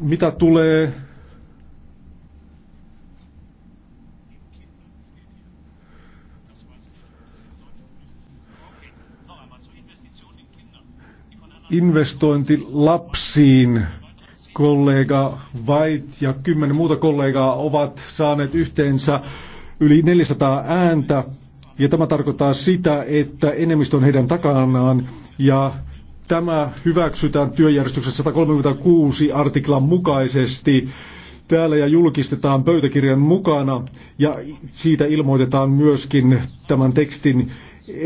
Mitä tulee investointi lapsiin. Kollega Vait ja kymmenen muuta kollegaa ovat saaneet yhteensä yli 400 ääntä. Ja tämä tarkoittaa sitä, että enemmistö on heidän takanaan. Ja Tämä hyväksytään työjärjestyksen 136 artiklan mukaisesti täällä ja julkistetaan pöytäkirjan mukana ja siitä ilmoitetaan myöskin tämän tekstin